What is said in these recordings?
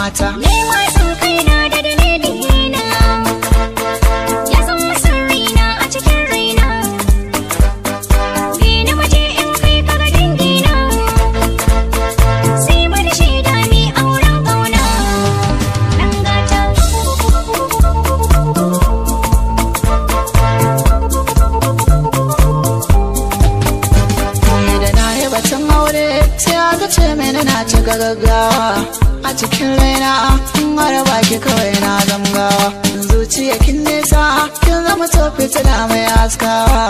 mata. lokacin ce mene na cika gaggawa a cikin raina in mara baki kawai na zamgawa zuciya kin nesa kin zama to fitila mai haskawa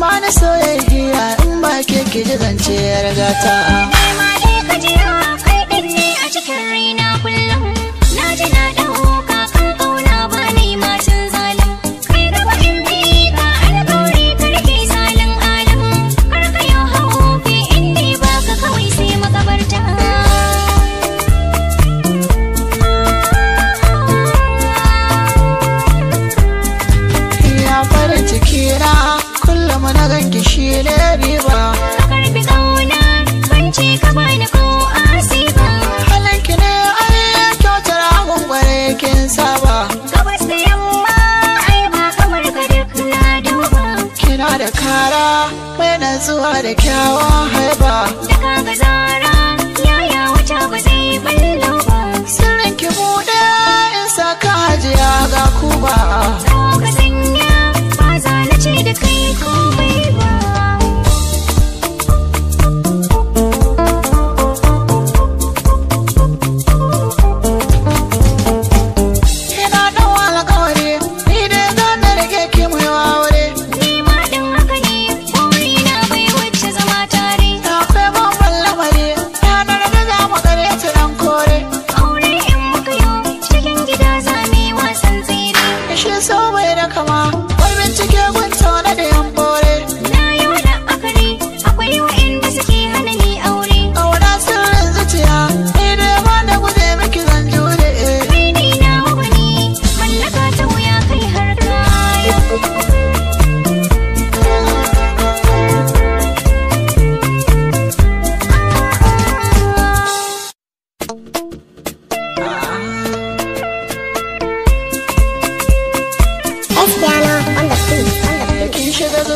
ba na soyayya in ba ke ki ji zance ya saba gabas da yamma ai ba kamar ka duk na duba kina da kara mai zuwa da kyawa haiba da ga zara yaya wata ba zai ballo ba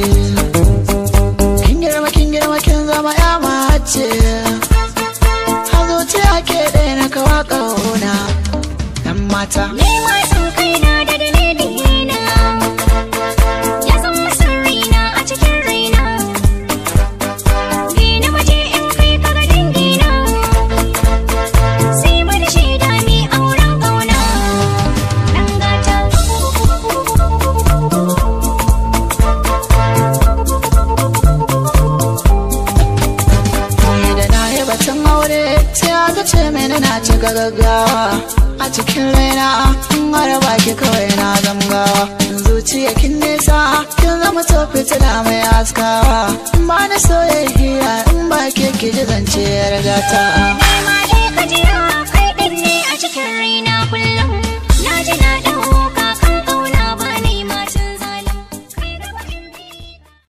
mace kin girma kin girma zama ya mace a zuciya ake ɗaya na kawa ƙauna 'yan mata ce mini na cika gaggawa a cikin raina in wara baki kawai na zamgawa zuciya kin nesa kin zama so fitila mai askawa in ba na soyayya in ba ke ki ji zance ya